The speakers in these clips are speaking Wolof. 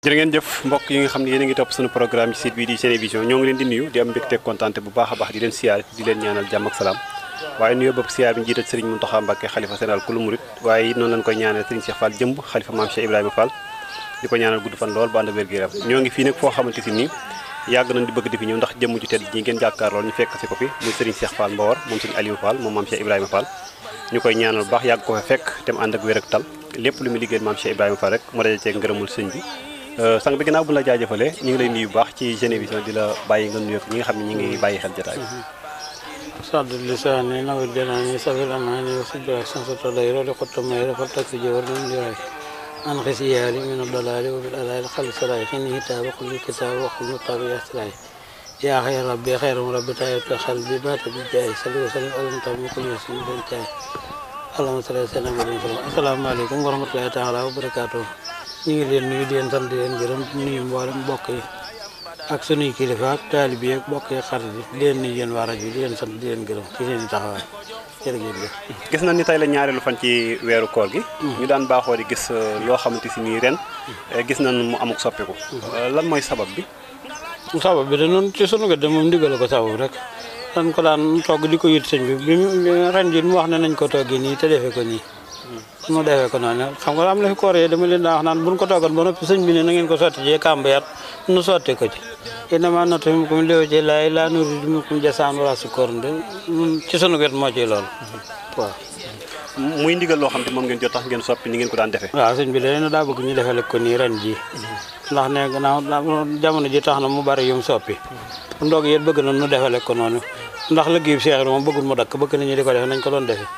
jërë ngeen jëf mbokk yi nga xam ne yéen a ngi topp suñu programme ci site bii di Senevision ñoo ngi leen di nuyu di am mbégte kontaante bu baax a baax di leen siyaar di leen ñaanal jàmm ak salaam waaye nuyoo bopp siyaar bi njiital Serigne Mountakha Mbacké xalifa général kulu murit waaye noonu lañ koy ñaanal Serigne Cheikh Fall jëmb xalifa maam Cheikh Ibrahima Fall di ko ñaanal gudd fan lool ba ànd ak wér-gu yaram ñoo ngi fii nag foo xamante si nii yàgg nañ di bëgg di fi ñëw ndax jëmm ju tedd ji ngeen jàkkaar lool ñu fekk si ko fi muy Serigne Cheikh Fall Mbawar moom Serigne Aliou Fall moom maam Cheikh Ibrahima Fall ñu koy ñaanal bu baax yàgg ko fa fekk tam mu ànd ak wér ak tal lépp lu muy liggéey maam Cheikh Ibrahima Fall rek mu daje ceeg ngërëmul sëñ bi sang bi ginaaw bu la jaajeufale ñu ngi lay nuyu bax ci jeune bi di la bayyi nga nuyu ñi nga xamni ñi ngi bayyi xel jotaay sadu lisaani naw dina ni sabira na ni su bra sans to lay ro ko to may ro ta ci jor ñu di ray an min fi ni ya khair rabbi khairum rabbi ta ya khalbi ba ta bi jay sallu sallu alam ta mu kullu sun warahmatullahi wabarakatuh. ñu ngi leen nuyu di gërëm nuyu mbokk ak sunuy kilifa ak taalibe yi ak mbokk yi xarit yi rajo yi di leen sant gërëm ci seen i taxawaay jërëjëf. gis nañ ni tey la ñaareelu fan ci weeru koor gi. Mm-hmm. ñu daan baaxoo di gis uh, loo xamante si nii ren. Mm-hmm. Eh, gis nañ mu amuk soppiku. Mm-hmm. Uh, lan mooy sabab bi. sabab bi de noonu ci sunu gëdd moom ndigal ko sabab rek. dañ ko daan togg di ko yët sëñ bi bi ren mu wax ne nañ ko toggee nii te defee ko nii. su ma defee ko noonu xam nga am na fi koor yee dama leen daa wax naan buñ ko toogoon ba noppi sëñ bi ne na ngeen ko sotti ci kàmbayaat nu sotti ko ci inama nota mi kom léew ci laay laa nuri di mu kom jasaan wala si koor de ci sunu wet moo ci loolu waaw muy ndigal loo xam soppi ni ngeen ko daan defee waaw sëñ bi leneen daa bëgg ñu defale ko nii ren ji ndax ne gannaaw jamono ji tax na mu bari yum soppi ndoog yéen bëgg na nu defale ko noonu ndax liggéeyu Seex moom bëggul mu dakk bëgg na di ko def nañ ko doon defee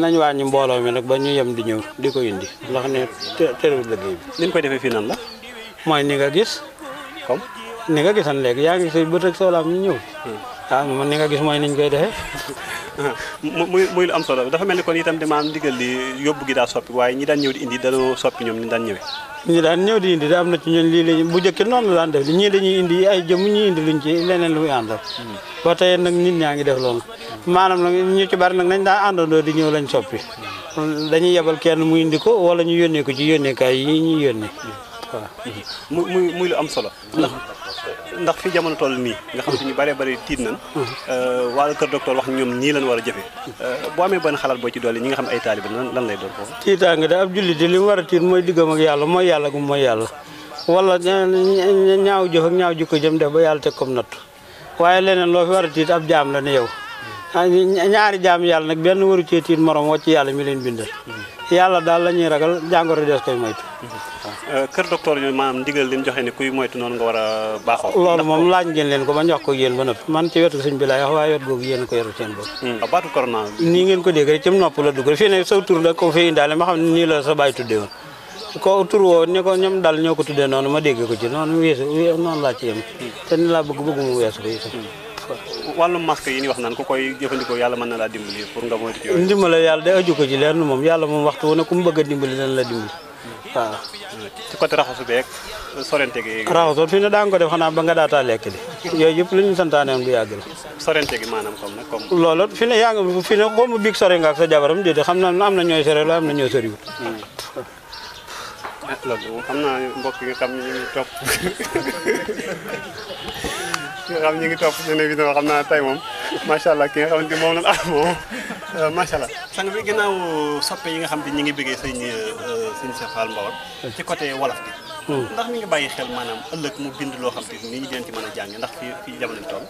nañ wàññi mbooloo mi nag ba ñu yem di ñëw di ko indi ndax ne terewul liggéey bi. ni ñu koy defee fii nan la. mooy ni nga gis. comme ni nga gisan léegi yaa ngi si bët ak soolaam ñu ñëw. Hmm. a ah, man ni nga gis mooy ni ñu koy defee. muy muy lu am solo dafa mel ni kon itam dama am digel li yóbbu gi daa soppi waaye ñi daan ñëw di indi danoo soppi ñoom ñu daan ñëwee ñi daan ñëw indi da am na ci ñun lii lañu bu jëkk noonu la daan def ñii dañuy indi ay jëmm ñuy indi luñ leneen lu muy àndal hmm. boo tey nag nit ñaa ngi def loolu maanaam nag ñu ci bari nag nañ daa àndandoo di ñëw lañ soppi hmm. dañuy yebal kenn mu indi ko wala ñu yónnee ko ci yónneekaay yi ñuy yónnee hmm. waaw muy muy lu am solo ndax fi jamono toll nii nga xam te ñu bëree bëri tiit nañ uh-huh. uh, wàllu kër docteur wax ñoom ñii leen war a jëfe uh, boo amee benn xalaat boo ci dolli ñi nga xam ay taalibe lan lan lay doon foofu tiitaange da julli di li mu war a tiit mooy diggam ak yàlla mooy yàlla gu mooy yàlla wala ñaaw jëf ak ñaaw jikko jëm def ba yàlla teg comme natt waaye leneen loo fi war a tiit ab jaam la ne yow ah, ñaari jaam yàlla nag benn waru cee tiit morom wacc yàlla mi leen bindal mm-hmm. yàlla daal la ñuy ragal jàngoro des koy moytu mm-hmm. Euh, kër docteur ñoom maanaam ndigal li mu joxe ni kuy moytu noonu nga war a baaxoo. loolu moom laaj ngeen leen ko ba ñu wax ko yéen ba noppi man ci wetu wet googu yéen ko yoru seen bopp. Hmm. Ah, baatu corona nii ngeen ko dégg rek ci nopp la dugg rek fii tur la ko fi indaale ma xam nii la sa bàyyi tuddee woon ko tur woo ni ko ñoom dal ñoo ko tuddee noonu ma dégg ko ci noonu weesu noonu laa ci yem hmm. te ni laa bëgg bëgg mu weesu ko itam hmm. wàllum masque yi ni wax naan laa dimbali pour nga moytu ci yooyu ndimbal yàlla day aju ko ci leer nu moom yàlla moom waxtu wu ne ku mu a dimbali waaw. ci côté raxasu beeg sorente gi. raxasu fi ne daan ko def xanaa ba nga daataa lekk di yooyu yëpp lu ñu santaane woon bu yàgg la. sorente gi maanaam comme nag comme. loolu fi ne yaa ngi fi ne xaw ma biig sore nga ak sa jabaram déedéet xam naa am na ñooy sore am na ñooy soriwul. Hmm. Ah, nga xam ñi ngi topp seen émission xam naa allah ki nga xamante moom la euh, allah. sang bi ginnaaw soppe yi nga xam te ñi ngi bëggee sëñ euh, euh, sëñ Cheikh Fall Mbawar ci côté wolof bi. Hmm. ndax mi ngi bàyyi xel maanaam ëllëg mu bind loo xam te ni ñu deen ci mën a jàng ndax fi fi jamono toll.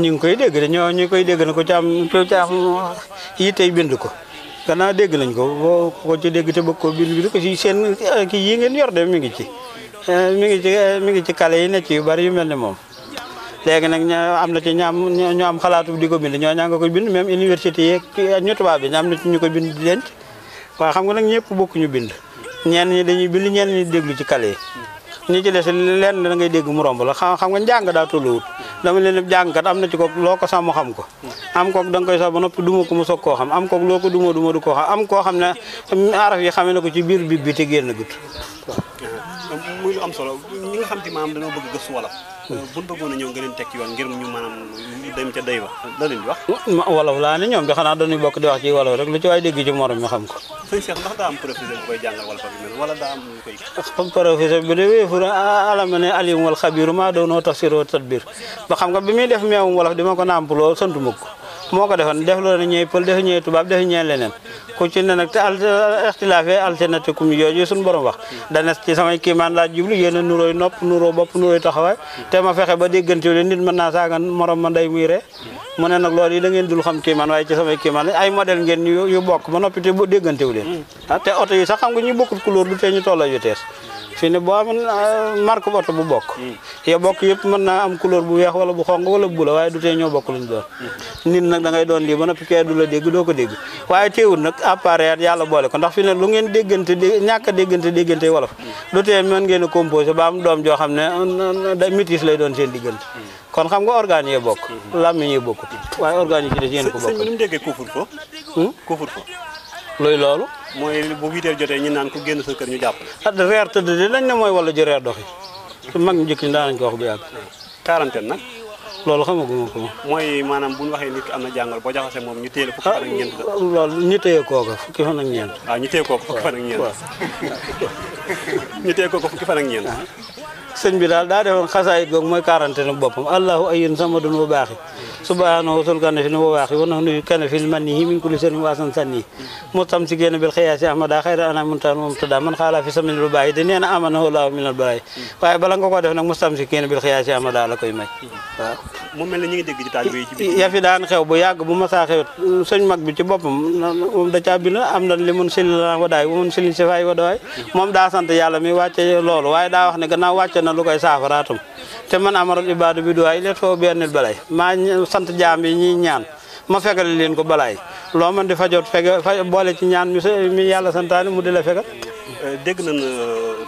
ñu ngi koy dégg de ñoo ñu koy dégg na ko ci am ci am yi tey ko. ci dégg te yi ngeen yor de mi ngi ci mi ngi ci mi ngi ci kale yi ne ci bari yu mel ne léegi nag ña am na ci ñaam ñu am xalaatu di ko bind ñoo ñaa nga koy bind même université yeeg ñu tubaab bi am na ci ñu ko bind di denc waa xam nga nag ñëpp bokkuñu bind ñenn ñi dañuy bind ñenn ñi déglu ci kale yi ñi ci des lenn da ngay dégg mu romb la xam nga njàng daa tolluwut dama leen di jàngkat am na ci ko loo ko sàmm xam ko am ko da nga koy sax ba noppi duma ko mu soog koo xam am kook loo ko duma duma du ko xam am koo xam ne araf yi xamee na ko ci biir bi bi te génn gut muy lu am solo ñi nga xam te maam dañoo bëgg gëstu wolof Euh, bu ñu bëggoon a ñëw nga leen teg ci yoon ngir la leen di wax. wolof laa ne ñoom de xanaa dañuy bokk di wax ci wolof rek lu ci waay dégg ci morom mi xam ko. sëñ Cheikh ndax daa am professeur bu koy xam professeur bi wal xabiru maa doonoo tafsiroo tadbir ba xam nga bi muy def meewum wolof di ma ko nàmpuloo santu ma ko moo ko defoon def loo na ñooy pël defu ñooy tubaab defu ñooy leneen ku ci ne nag te al ixtilaafe alternative kum yooyu suñu borom wax dana ci samay kiimaan laa jublu yéen a nurooy nopp nuróo bopp nuróoy taxawaay te ma fexe ba déggante leen nit mën naa saaga morom ma nday muy ree mu ne nag loolu yi da ngeen dul xam kiimaan waaye ci samay kiimaan ay modèle ngeen yu bokk ba noppi te déggante wu leen mm. ah, te oto yi sax xam nga ñu bokkut couleur du tee ñu tolloo vitesse fii ne boo amoon euh, marque bokk hmm. bokk yëpp mën naa am couleur bu weex wala bu xonq wala bu bula waaye du tee ñoo bokk luñ doon hmm. nit da ngay doon lii ba noppi kee du la dégg doo ko dégg waaye teewul nag appareil yàlla boole ko ndax fi ne lu ngeen déggante ñàkk a déggante déggante wolof hmm. du tee mën ngeen a composé ba am doom joo xam ne da métis lay doon seen diggante kon xam nga organes bokk làmmiñ yi bokkut waaye organes yi ci des ko bokk sëñ bi nu mu déggee couvre-feu couvre luy loolu mooy bu huiteel jotee ñu naan ku génn sa kër ñu jàpp la. reer tëdd di lañ ne mooy wala ji reer doxi su mag ñu njëkk ñi ko bu yàgg quarantaine na loolu xamaguma ko mooy maanaam bu ñu waxee ni am na jàngoro boo jaxasee moom ñu téye la fukki fan ak ñeent ah, loolu ñu téye kooka fukki fan ak ñeent waaw ah, ñu téye kooka fukki fan ak ñeent ñu téye kooka fukki fan ak ñeent ah. sëñ bi daal daa wa baaxi subhanahu sul kana fi nu wa baaxi wa nahnu kana fi mannihi min kulli sëriñ waasan sanni mustam si génn bil xiyaasi ahmada xayra ana muntaan moom tada man xaalaa fi samin lu baaxi di nee la koy may mu mel ne ñu ngi dégg ci taalibe yi ci ya fi daan xew bu yàgg bu masaa xewet sëñ mag bi ci boppam moom da caa bind am na li mun sili wadaay mun silin si wadaay moom daa sant yàlla mi wàcce loolu waaye daa wax ne gannaaw wàcce na lu koy saafaraatum te man amaral ibaadu bi duwaay leet foo bennil balay maa sant jaam yi ñiy ñaan ma fegal leen ko balaay loo man di fajoot fege boole ci ñaan mi mi yàlla santaane mu di la fegal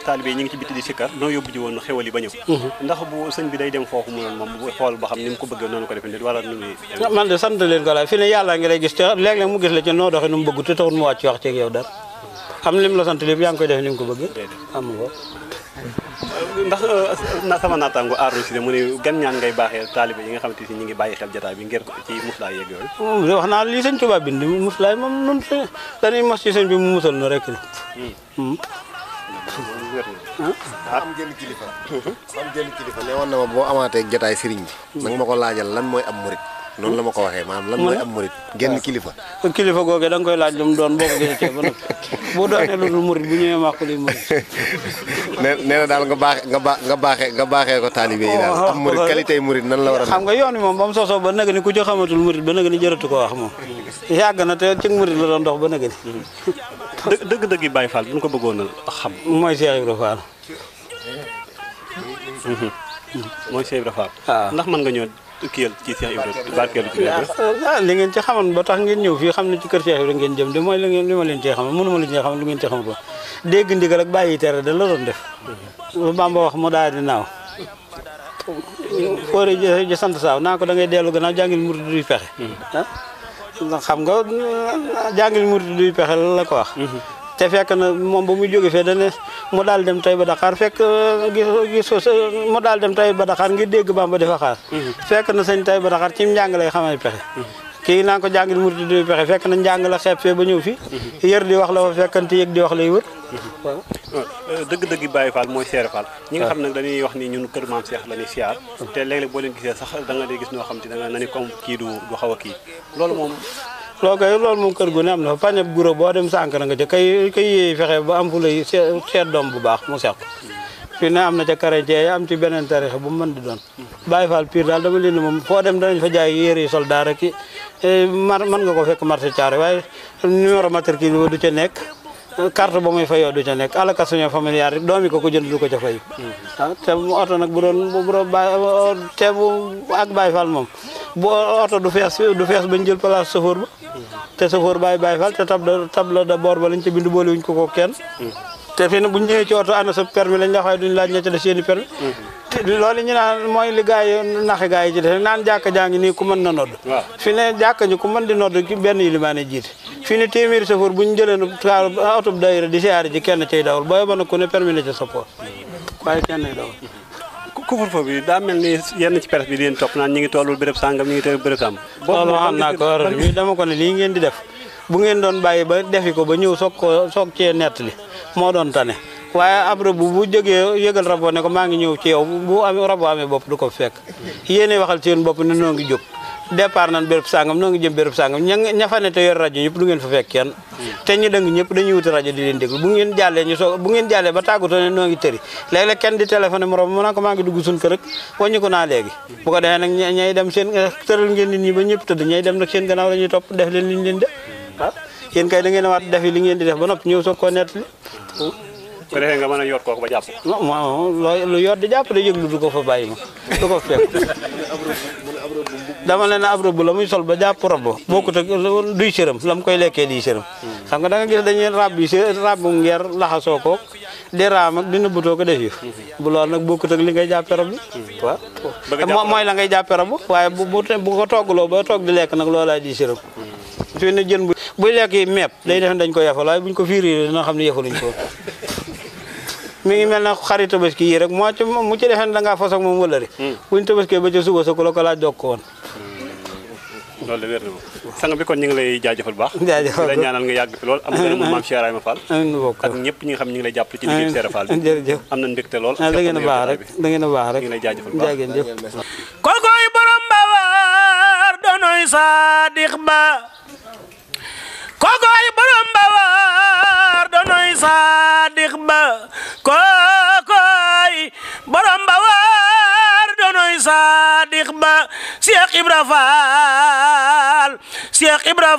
taalibe yi ñu ngi ci bitti di sikkar noo yóbbu ji woon xewal yi ba ñëw mhm. ndax bu sëñ bi day dem foofu mu noonu moom bu xool ba xam ni mu ko bëggee noonu ko defee nit wala nu ah, man de sant leen ko ngi lay gis te léeg-léeg mu gis la ci nu mu bëgg te taxul mu wàcc wax ceeg yow dara am lim la sant lépp yaa ngi koy def ni mu ko bëgg am ko ndax euh, sama naataango aaru si de mu ne gan ñaan ngay baaxee taalibe bi ngir ci hmm, moom nun musal na rek hmm. Hmm. ah am genn kilifa. Mhm. am genn kilifa ne woon na ma boo amaatee jotaay sëriñ bi. Mhm. nag ma ko laajal lan mooy am murit. noonu la ma ko waxee maanaam lan mooy am murit. genn kilifa. kilifa googu da nga koy laaj lu mu doon boo ko gisatee ba nag bu doonee lu dul murit bu ñëwee maa daal nga baax nga nga baaxee nga baaxee ko taalibe yi daal. am murit qualité murit nan la war a. xam nga yoon wi moom ba mu sosoo ba nag ni ku ci xamatul murit ba nag jërëtu ko wax moom. yàgg na te ci murit la doon dox ba nag dëgg-dëgg yi Baye Fall bu ñu ko bëggoon a xam. mooy Cheikh Ibra Fall. Mm-hmm. mooy Cheikh Ibra Fall. waaw ah. ndax mën nga ñëw kiyal ci Cheikh Ibra barkeelu ci Ibra. Ah, ah, li ngeen ci xamoon ba tax ngeen ñëw fii xam ne ci kër Cheikh Ibra ngeen jëm de mooy li ngeen li ma leen cee xamal mënuma lu ñuy xam lu ngeen ci xamul woon dégg ndigal ak bàyyi tere da la doon def. Mm-hmm. lu Bamba wax mu daal di naaw. Mm-hmm. foore ji sant saaw naa ko da ngay dellu gannaaw jàngil murid du pexe. xam nga jàngil murid duy pexe la ko wax. Mhm. te fekk na moom ba muy jóge fee dane mu daal dem tay ba Dakar fekk gis mu daal dem tay ba Dakar ngi dégg Bamba di fa xaar. Mhm. fekk na sëñ ba Dakar ci njàng lay xamal pexe. Mhm. ki naa ko jangil murid du pexe fek na njàng la xeeb fee ba ñëw fi yër di wax la fa fekkante yëg di wax lay wut deug deug Baye Fall moy Seere Fall ñi nga xam nak dañuy wax ni ñun keur maam Cheikh lañu ñuy te leg leg bo leen gisee sax da nga lay gis no xam te da nga nani kom ki du du xawa ki lolu mom lo gay lolu mom keur gu ne am na fa guro bo dem sank na nga ci kay kay yéey fexe ba am fu lay seet bu baax mu seet fi na am na ci chrétien ya am ci benen tarikh bu mën di doon Baye Fall pire daal dama leen mom fo dem danañ fa jaay yére soldat rek Eh, man nga ko fekk marché Thiaré waaye numéro matricule du ca nekk carte ba muy fayoo du ca nekk allocation familiale rek doomi ko ko jënd du ko ca fay. Hmm. te oto nag bu doon bu doon bàyyi te ak Baye Fall moom bu oto du fees du fees bañ jël place chauffeur ba. te chauffeur Baye Baye Fall te table table de bord ba lañ ca bind boolewuñ ko ko kenn. Hmm. te fii nag bu ñëwee ci oto ana sa permis lañ la waxee duñ laaj ña ca def seen i loolu ñu naan mooy li gars yi naxe gars yi ci naan jàkka jaa ngi nii ku mën na nodd fi ne jàkka ji ku mën di nodd benn benn ilimaane jiite fi ne téeméeri safoor bu ñu jëleen kaar autob daayira di siyaare ji kenn cay dawal booy ba na ku ne permis na ci sa poos waaye kenn ay dawal couvre-feu daa mel ni yenn ci presse bi di leen topp naan ñi ngi tollul béréb sàngam ñi ngi tollul béréb sàngam loolu xam naa ko waral bi dama ko ne lii ngeen di def bu ngeen doon bàyyi ba defi ko ba ñëw soog ko soog cee nettali moo doon tane waye am iya, iya kan oh, bu bu joge yegal raboo ne ko mangi ñew ci yow bu am rabo amé bop du ko fekk yene waxal seen bop ne no ngi jóg départ nan béréb sangam no ngi jëm béréb sangam ña fa ne te yor radio ñëpp du ngeen fa fekk kenn te ñu dëng ñëpp dañuy wut radio di leen déglu bu ngeen jalle ñu soog bu ngeen jalle ba tagu to ne no ngi teeri léeg-léeg kenn di téléphoné morom mu ne ko mangi dugg suñ kër ak wañu ko na léegi bu ko defee nak ñay dem seen tëral ngeen nit ñi ba ñëpp tëdd ñay dem nak seen gannaaw lañuy top def leen liñ leen def yéen kay da ngeen a waat def li ngeen di def ba noppi ñëw so ko netti bu defee nga mën a yor kooku ba jàpp ko. lu yor di jàpp de yëglu ko fa bàyyi ma du fekk dama ne na ab rob la muy sol ba jàpp rob bokkut ak duy sërëm la koy lekkee di sërëm xam nga da nga gis dañuy rab yi rabu ngeer ko di raam ak dina butoo ko def bu loolu nag bokkut ak li ngay jàppe rob bi waaw mooy la ngay jàppe waaye bu bu ko toggloo ba toog di lekk nag loolaay di sërëm fi ne jën bu buy lekk yi mepp dañ ko yafal waaye buñ ko fiiri dina xam ne yafaluñ ko mi ngi mel na xari tabaski yi rek moo ci mu ci defeen da ngaa fas ak moom wëlëri hmm. buñ ba ca suba sa ku la ko laaj hmm. na ñu ngi la ñaanal nga yàgg fi lool am na moom maam Cheikh Ibrahima Fall ak ñëpp ñi nga xam ne ñu ngi lay jàppale ci liggéey Cheikh Fall jërëjëf am na mbégte lool ah, da ngeen a baax da a baax doonoy saadix ba dikba ko kokoy borom ba war donoy sadiq ba Cheikh Ibra Fall Cheikh Ibra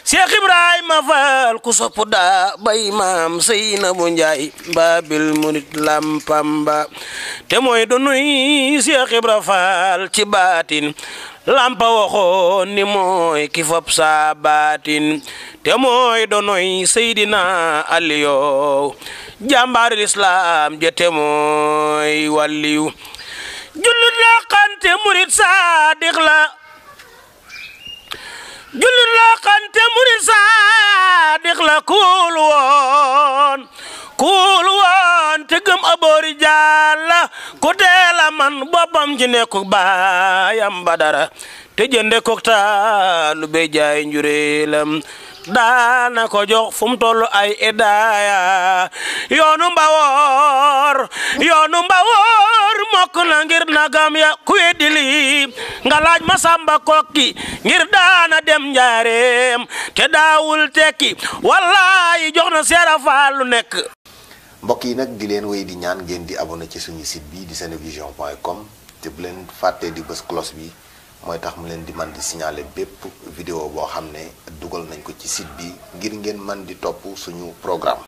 Cheikh Ibrahima Fall ku sopp da babil munit lampam ba te mooy donoy Cheikh ci batin lampa waxo ni moy ki sa batin te mooy donoy Seydina Aliyu jàmbaarul islaam je te mooy wàlliyu jullit la xante murit kuul woon kuul woon te gëm aboori jàlla ku teela man boppam ci nekku baayam badara te jënde kokta lu be jaay njureelam daana ko jox fu mu toll ay idaaya yoonu mbawoor yoonu mbawoor mokk na ngir nagam ya ku weddi nga laaj ma samba kokki ngir daana dem njaareem te daawul tekki wallaahi jox na seera faal lu nekk mbokk yi nag di leen wéy di ñaan ngeen di abonné ci suñu sit bi di senevision point com te bu leen fàttee di bës cloche bi mooy tax mu leen di man di signaler bépp vidéo boo xam ne dugal nañ ko ci site bi ngir ngeen man di topp suñu programme